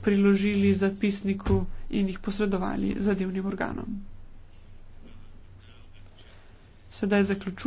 priložili zapisniku in jih posredovali zadevnim organom. Sedaj zaključujem.